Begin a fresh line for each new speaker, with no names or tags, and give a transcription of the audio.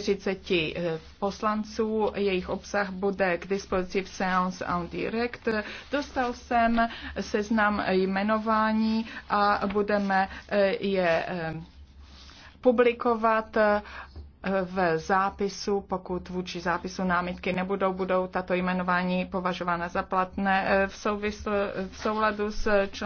40 eh, poslanců. Jejich obsah bude k dispozici v Seance on Direct. Dostal jsem seznam jmenování a budeme eh, je eh, publikovat v zápisu, pokud vůči zápisu námitky nebudou, budou tato jmenování považována za platné v, souvisl, v souladu s článkem